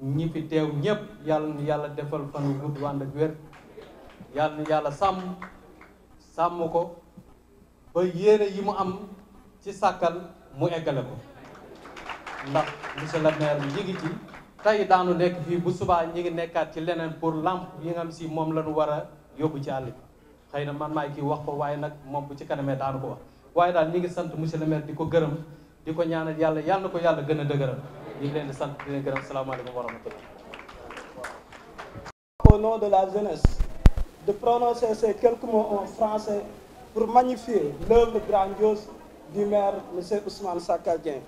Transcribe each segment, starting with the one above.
ñi fi teew ñëpp yàlla na yàlla defal fan wu gudd ànd ak wér yàlla na yàlla sàmm sàmm ko ba yéene yi mu am ci sàkkal mu eggale ko ndax monsieur le maire ñi ngi ci tey daanu nekk fii bu subaa ñi ngi nekkaat ci leneen pour lamp yi nga xam si moom lañu war a yóbbu ci àll bi xëy na man maay kii wax ko waaye nag moom bu ci kanamee daanu ko wax waaye daal ñi ngi sant monsieur le di ko gërëm di ko ñaanal yàlla yàlla na ko yàlla gën a dëgëral ñu sant di nom de la jeunesse de prononcer ces quelques mots en français pour magnifier l'œuvre grandiose du maire monsieur Ousmane Sakadien.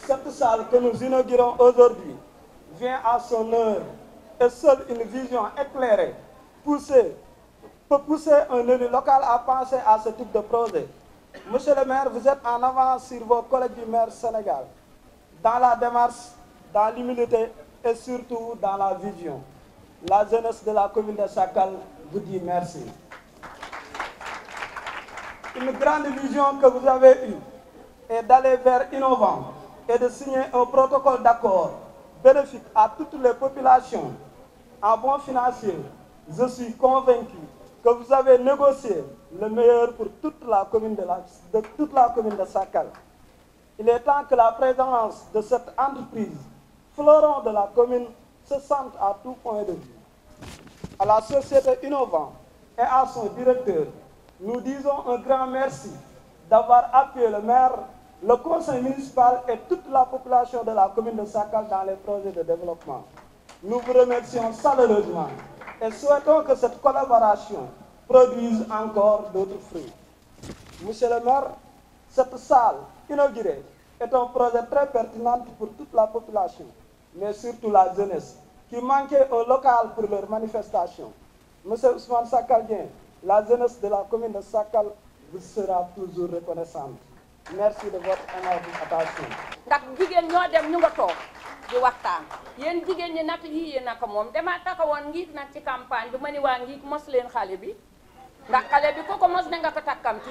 Cette salle que nous inaugurons aujourd'hui vient à son heure et seule une vision éclairée pousser un élu local à penser à ce type de projet. Monsieur le maire, vous êtes en avance sur vos collègues du maire Sénégal. dans la démarche, dans l'humilité et surtout dans la vision. La jeunesse de la commune de Sakal vous dit merci. Une grande vision que vous avez eue est d'aller vers innovant et de signer un protocole d'accord bénéfique à toutes les populations. En bon financier, je suis convaincu que vous avez négocié le meilleur pour toute la commune de, la, de toute la commune de Sakal. Il est temps que la présence de cette entreprise, fleuron de la commune, se sente à tout point de vue. À la société innovante et à son directeur, nous disons un grand merci d'avoir appuyé le maire, le conseil municipal et toute la population de la commune de Sakal dans les projets de développement. Nous vous remercions chaleureusement et souhaitons que cette collaboration produise encore d'autres fruits. Monsieur le maire, cette salle inauguré est un projet très pertinent pour toute la population, mais surtout la jeunesse, qui manquait un local pour manifestation manifestations. Monsieur Ousmane Sakalien, la jeunesse de la commune de Sakal vous sera toujours reconnaissante. Merci de votre aimable attention. ndax jigéen ñoo dem ñu nga toog di waxtaan yéen jigéen ñi nag yii yéen naka moom damaa taxawoon ngiig nag ci campagne bi ma ni waa ngiig mos leen xale bi ndax xale bi ko ko mos na nga ko takkamti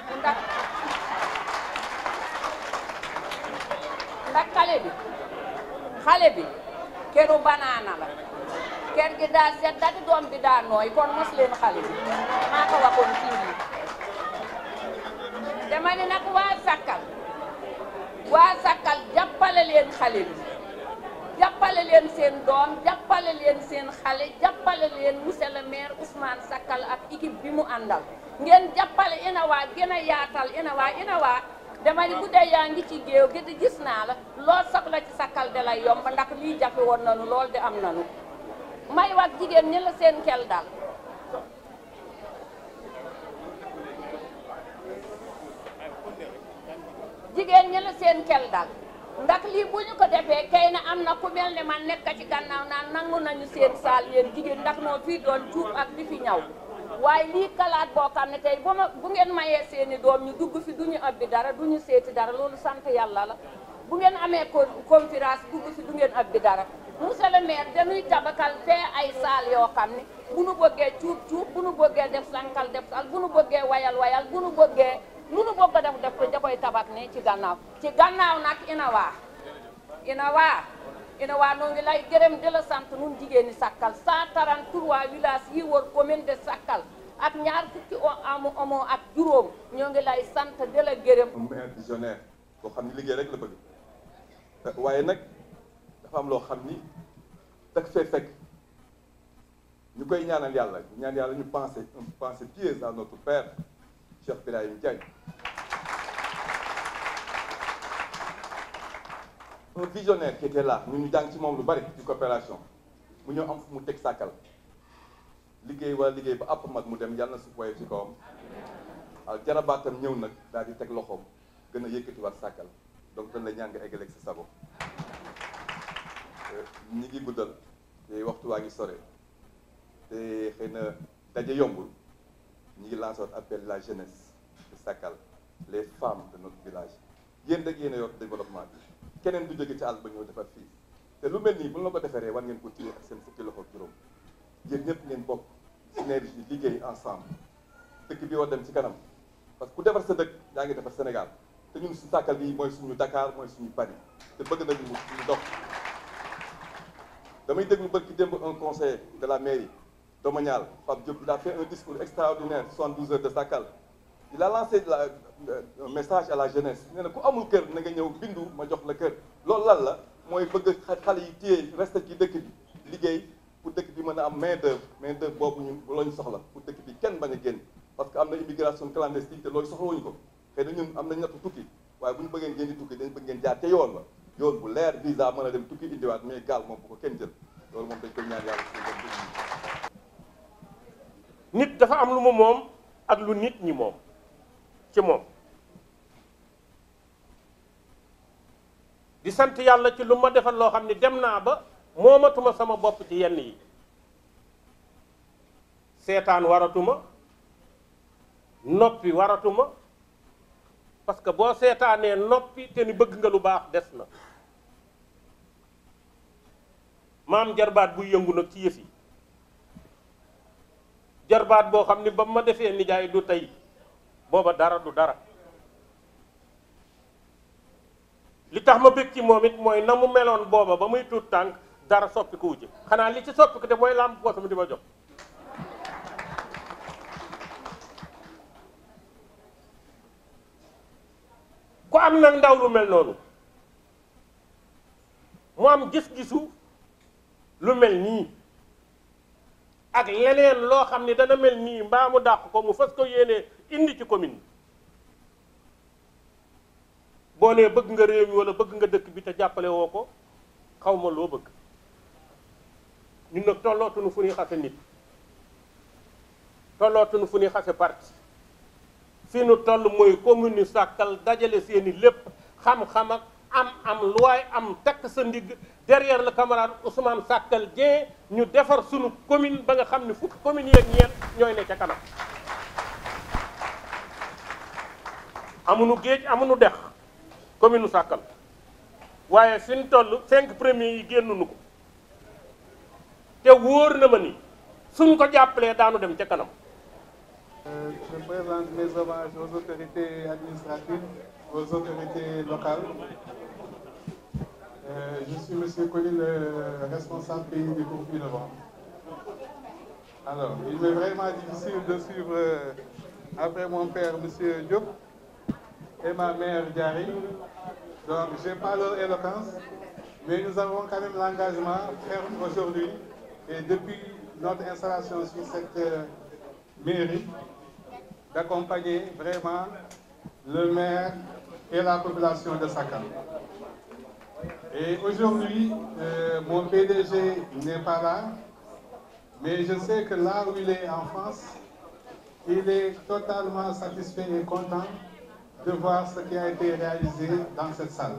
ak xale bi xale bi këru banaana la kër gi daa sedd ak doom bi daa nooy kon mos leen xale bi maa waxoon fii nii dama nag waa Sakal waa Sakal jàppale leen xale bi jàppale leen seen doom jàppale leen seen xale jàppale leen monsieur le maire Ousmane Sakal ak équipe bi mu àndal ngeen jàppale ina waa gën a yaatal ina waa ina waa dama ni bu dee yaa ngi ci géew gi di gis naa la lool soxla ci sakkal de la yomb ndax lii jafe woon na nu lool di am nanu may wax jigéen ñi la seen kel dal jigéen ñi la seen kel dal ndax lii bu ñu ko defee kay na am na ku mel ne man nekk ci gannaaw naan nangu nañu seen saal yéen jigéen ndax noo fii doon cuub ak di fi ñaw waaye lii kalaat boo xam ne tey bu ma bu ngeen mayee seeni doom ñu dugg fi duñu abbi dara duñu seeti dara loolu sant yàlla la bu ngeen amee conférence dugg fi du ngeen abbi dara monsieur le maire dañuy tabakal fee ay saal yoo xam ne bu nu bëggee cuub cuub bu nu bëggee def sankal def sal bu nu bëggee wayal wayal bu nu bëggee lu nu bëgg def def ko da koy tabak ne ci gannaaw ci gannaaw nag ina waa ina wanomi lay gueɗem dela sant nun jigéeni sakkal 133 village yi wër commune de sakkal ak ñaar fukki o amu omo ak juróom ñoo ngi lay sant dela gërëm maire visionnaire boo xam ni liggéey rek la bëgg waaye nag dafa am loo xam ni dag fee fekk ñu koy ñaanal yàlla ñaan yàlla ñu pensé un pensée pieuse à notre père Cheikh Birahim Diagne un visionnaire qui était là ñun ñu jàng ci moom lu bari ci coopération mu ñëw am fu mu teg sàkkal liggéey waa liggéey ba àpp mag mu dem yàlla na suuf woyof ci kawam waaw jarabaatam ñëw nag daal di teg loxoom gën a yëkkatiwaat sàkkal donc dañ ñàng ñaan nga eggaleeg sa sago euh, ñi ngi guddal te waxtu waa ngi sore te xëy na daje yombul ñi ngi lancé appel la jeunesse de Sakal les femmes de notre village yéen rek yéen a yor développement bi keneen du jóge ci àll ba ñëw defar fii te lu mel nii bu ñu la ko defaree war ngeen ko téye ak seen fukki loxo juróom yéen ñëpp ngeen bokk synergie liggéey ensemble dëkk bi war dem ci kanam parce que ku defar sa dëkk yaa ngi defar Sénégal te ñun suñu tàkkal bi mooy suñu dakaar mooy suñu Paris te bëgg nañu ñu dox damay déglu bërki démb un conseiller de la mairie domaniale Pape Diop il a fait un discours extraordinaire 72 heures de Sakal il a lancé la Euh, message à la jeunesse nee na ku amul kër na nga ñëw bindu ma jox la kër loolu lan la mooy bëgg xale yi téye resté ci dëkk bi liggéey pour dëkk bi mën a am main d'œuvre main d'œuvre boobu ñun looñu soxla pour dëkk bi kenn bañ a génn parce que am na immigration clandestine te loolu soxlawuñu ko xëy na ñun am nañ nattu tukki waaye bu ñu bëggee ngeen di tukki dañ bëgg ngeen jaar ca yoon la yoon bu leer visa mën a dem tukki indiwaat mais gaal moom bu ko kenn jël loolu moom dañ nit dafa am lu mu moom ak lu nit ñi moom ci moom di sant yàlla ci lu ma defal loo xam ni dem naa ba moomatuma sama bopp ci yenn yi seetaan waratuma noppi waratuma parce que boo seetaanee noppi te ni bëgg nga lu baax des na maam jarbaat buy yëngu nag ci yëf jarbaat boo xam ni ba ma defee nijaay du tey booba dara du dara li tax ma bëgg ci moom it mooy na mu meloon booba ba muy tuut tànk dara soppi ko wujje xanaa li ci soppi ko de mooy làmp boosam di ma jox ku am nag ndaw lu mel noonu mu am gis-gisu lu mel nii ak leneen loo xam ne dana mel nii mbaa mu dàq ko mu fas ko yéene indi ci commune boo nee bëgg nga réew mi wala bëgg nga dëkk bi te jàppale woo ko xaw ma loo bëgg ñun nag tollootuñu fu ñuy xase nit tollootuñu fu ñuy xase parti fi nu toll mooy commune sàkkal dajale seeni lépp xam-xam am am luwaay am takk sa ndigg derrière la camarade Ousmane Sakkal Dieng ñu defar sunu commune ba nga xam ne fukki commune yeeg ñeent ñooy ne ca kanam amuñu géej amuñu dex commune u waaye fi ñu toll cinq premiers yi génnuñu ko te wóor na ma ni suñ ko jàppalee daanu dem ca kanam je présente mes aux autorités locales. Euh, je suis Monsieur Colin, responsable pays du groupe Innovant. Alors, il m'est vraiment difficile de suivre euh, après mon père, Monsieur Diop, et ma mère, Diary. Donc, je pas leur éloquence, mais nous avons quand même l'engagement ferme aujourd'hui et depuis notre installation sur cette euh, mairie d'accompagner vraiment le maire et la population de Sakal. Et aujourd'hui, euh, mon PDG n'est pas là, mais je sais que là où il est en France, il est totalement satisfait et content de voir ce qui a été réalisé dans cette salle.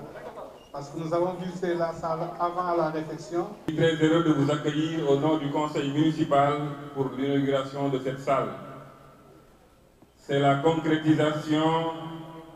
Parce que nous avons visité la salle avant la réflexion. Je de vous accueillir au nom du conseil municipal pour l'inauguration de cette salle. C'est la concrétisation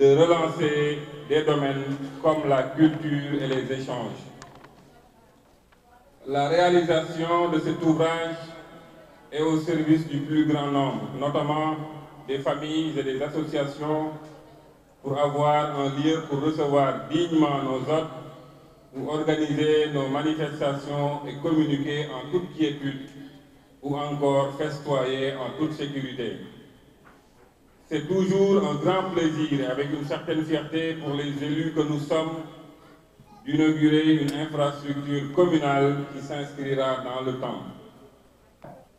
de relancer des domaines comme la culture et les échanges. La réalisation de cet ouvrage est au service du plus grand nombre, notamment des familles et des associations, pour avoir un lieu pour recevoir dignement nos hôtes, pour organiser nos manifestations et communiquer en toute quiétude ou encore festoyer en toute sécurité. C'est toujours un grand plaisir et avec une certaine fierté pour les élus que nous sommes d'inaugurer une infrastructure communale qui s'inscrira dans le temps.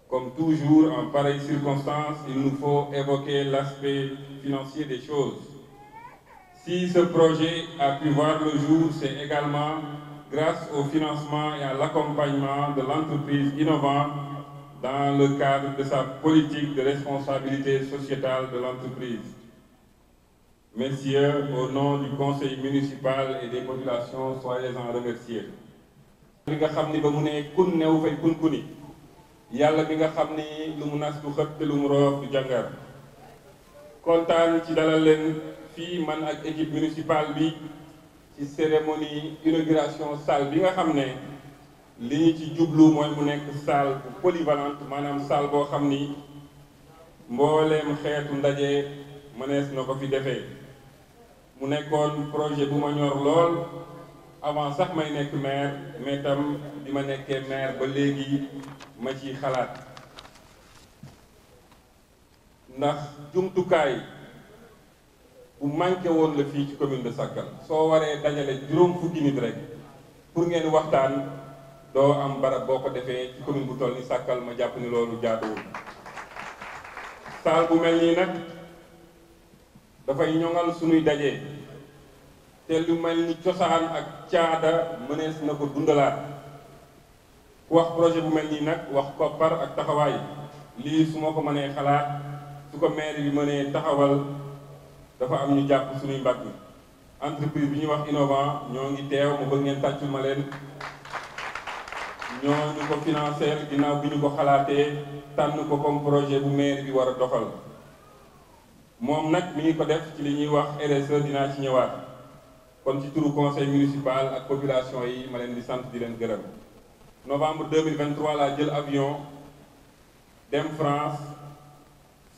Comme toujours, en pareille circonstance, il nous faut évoquer l'aspect financier des choses. Si ce projet a pu voir le jour, c'est également grâce au financement et à l'accompagnement de l'entreprise innovante dans le cadre de sa politique de responsabilité sociétale de l'entreprise. Messieurs, au nom du conseil municipal et des populations, soyez en remerciés. li nga xam ni ba mu ne kun new fay kun yàlla bi nga xam ni lu mu nas du xëpp te lu mu roof du jàngar kontaan ci dalal leen fii man ak équipe municipale bi ci cérémonie inauguration salle bi nga xam ne li ñu ci jublu mooy mu nekk salle bu polyvalente maanaam saal boo xam ni mbooleem xeetu ndaje mënees na ko fi defee mu nekkoon projet bu ma ñor lool avant sax may nekk maire mais tam ma nekkee maire ba léegi ma ci xalaat ndax jumtukaay bu manqué woon la fii ci commune de Sakal soo waree dajale juróom fukki nit rek pour ngeen waxtaan doo am barab boo ko defee ci commune bu toll ni sàkkal ma jàpp ni loolu jaaduwul saal bu mel nii nag dafay ñoŋal suñuy dajee te lu mel ni cosaan ak caada mënees na ko dundalaat ku wax projet bu mel nii nag wax koppar ak taxawaay lii su ma ko mënee xalaat su ko maire bi mënee taxawal dafa am ñu jàpp suñuy mbagg entreprise bi ñuy wax innovant ñoo ngi teew ma bëgg ngeen tàccul ma leen ñoo ñu ko financer ginnaaw bi ñu ko xalaatee tànn ko comme projet bu maire bi war a doxal moom nag mi ngi ko def ci li ñuy wax RSE dinaa ci ñëwaat kon ci turu conseil municipal ak population yi ma leen di sant di leen gërëm novembre 2023 laa jël avion dem France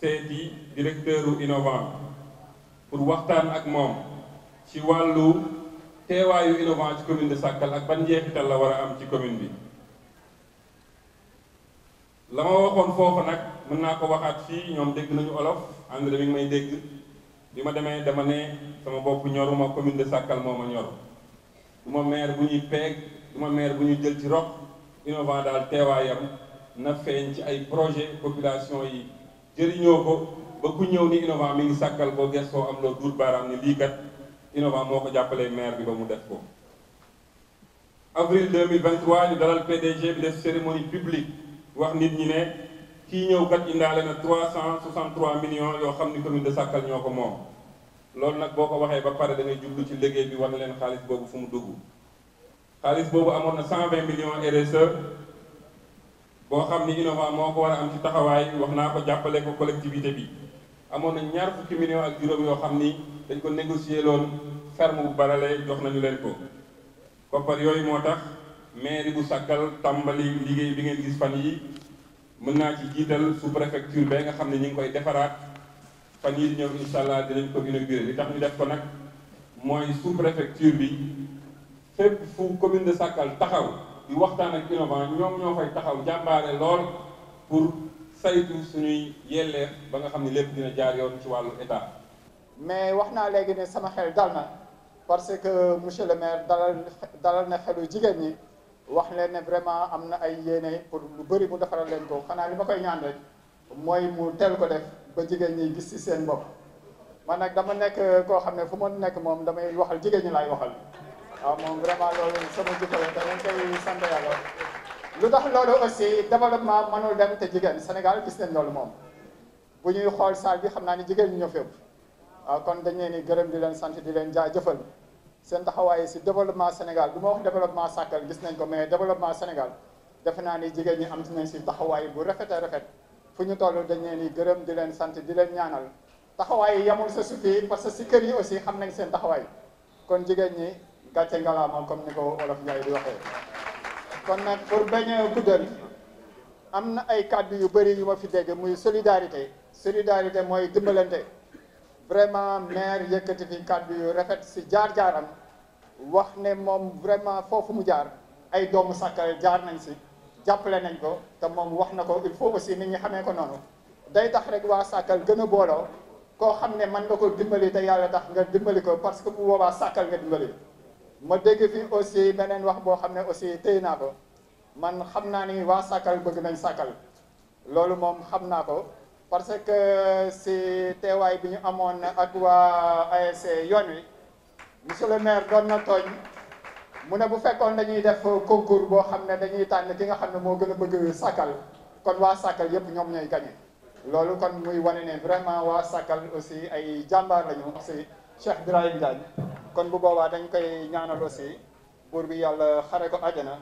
seeti directeur u Innovent pour waxtaan ak moom ci wàllu teewaayu Innovent ci commune de Sakal ak ban njeexital la war a am ci commune bi la ma waxoon foofu nag mën naa ko waxaat fii ñoom dégg nañu olof anglais mi may dégg bi ma demee dama ne sama bopp ñoruma commune de sàkkal moo ma ñor du ma maire bu ñuy peeg du ma maire bu ñuy jël ci rox innovant daal teewaayam na feeñ ci ay projet population yi jëriñoo ko ba ku ñëw ni innovant mi ngi Sakal boo gestoo am loo duur baaraam ni lii innovant moo ko jàppale maire bi ba mu def ko avril 2023 ñu dalal PDG bi def cérémonie wax nit ñi ne kii ñëw kat indaale na trois cent soixante trois millions yoo xam ni commune de Sakal ñoo ko moom loolu nag boo ko waxee ba pare da ngay jublu ci léggéey bi wan leen xaalis boobu fu mu dugg xaalis boobu amoon na cent vingt millions RSE boo xam ni Innova moo ko war a am ci taxawaay wax naa ko jàppale ko collectivité bi amoon na ñaar fukki millions ak juróom yoo xam ni dañ ko négocier loon ferme bu barale jox nañu leen ko koppar yooyu moo tax mairie bu Sakal tàmbali liggéey bi ngeen gis fan yi mën naa ci jiital sous préfecture ba nga xam ne ñu ngi koy defaraat fan yi ñëw incha allah dinañ ko inauguré bi tax ñu def ko nag mooy sous préfecture bi fépp fu commune de Sakal taxaw di waxtaan ak innovant ñoom ñoo fay taxaw jàmbaare lool pour saytu suñuy yelleef ba nga xam ne lépp dina jaar yoon ci wàllu état. mais wax naa léegi ne sama xel dal na parce que monsieur le maire dalal dalal na xelu jigéen ñi. wax leen ne vraiment am na ay yéene pour lu bëri mu defaral leen ko xanaa li ma koy ñaan rek mooy mu teel ko def ba jigéen ñi gis ci seen bopp man nag dama nekk koo xam ne fu ma nekk moom damay waxal jigéen ñi laay waxal waaw ah, moom vraiment loolu sama jikko la dama koy sant yàlla lu tax loolu aussi ma mënul dem te jigéen Sénégal gis nañ loolu moom bu ñuy xool saal bi xam naa ni jigéen ñi ñëw fépp waaw ah, kon dañ leen di gërëm di leen sant di leen jaajëfal seen taxawaay si développement Sénégal du ma wax développement sàkkal gis nañ ko mais développement Sénégal defe naa ni jigéen ñi am nañ si taxawaay bu rafet a rafet fu ñu toll dañ leen di gërëm di leen sant di leen ñaanal taxawaay yi yamul sa sufi parce que si kër yi aussi xam nañ seen taxawaay kon jigéen ñi gàcce ngalaama comme ni ko wolof Njaay di waxee kon nag pour bañ a am na ay kàddu yu bëri yu ma fi dégg muy solidarité solidarité mooy dimbalante vraiment maire yëkkati fi kàddu yu rafet si jaar-jaaram wax ne moom vraiment foofu mu jaar ay doomu Sakal jaar nañ si jàppale nañ ko te moom wax na ko il faut aussi nit ñi xamee ko noonu day tax rek waa Sakal gën a booloo koo xam ne mën nga ko dimbali te yàlla tax nga dimbali ko parce que bu boobaa Sakal nga dimbali ma dégg fi aussi beneen wax boo xam ne aussi téy naa ko man xam naa ni waa Sakal bëgg nañ sàkkal loolu moom xam naa ko parce que si teewaay bi ñu amoon ak waa ASC yoon wi monsieur le maire doon na tooñ mu ne bu fekkoon dañuy def concours boo xam ne dañuy tànn ki nga xam ne moo gën a bëgg sàkkal kon waa sàkkal yépp ñoom ñooy gagné loolu kon muy wane ne vraiment waa sàkkal aussi ay jàmbaar lañu si Cheikh Ibrahim Diagne kon bu boobaa dañ koy ñaanal aussi buur bi yàlla xare ko àjjana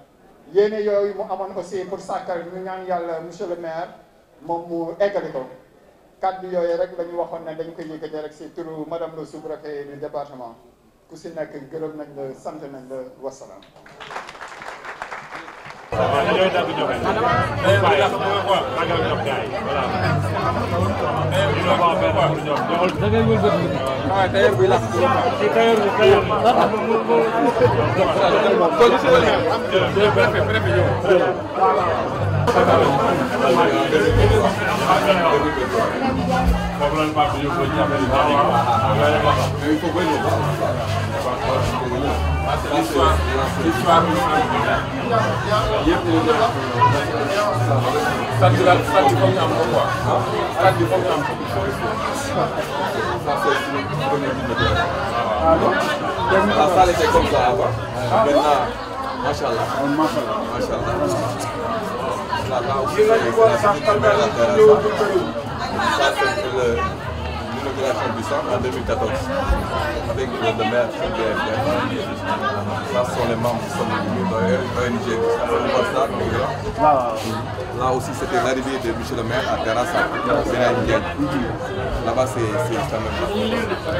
yéene yooyu mu amoon aussi pour sàkkal ñu ñaan yàlla monsieur le maire moom mu eggali ko kàddu yooyu rek la ñu waxoon ne dañ koy yëkkatee rek si turu madame le sous-préfet du département ku si nekk gërëm nañ la sant nañ la wasalaam. waaw dañoo dàgg joxe. waaw yàlla mooy quoi. maa ngi jox gars bi la. si tailleur bi bi. kon comme ça avant. Maintenant, machallah. Machallah. Machallah. gis nañu boole sax Tamba yi ñu ñëwoon bu bëriwul. ça c'est le l'immigration du sang en 2014 avec le maire ça sont les membres de l'ONG qui s'appelle Là aussi c'était l'arrivée de Michel le maire à Terrassa, Sénégal. Là-bas c'est c'est quand même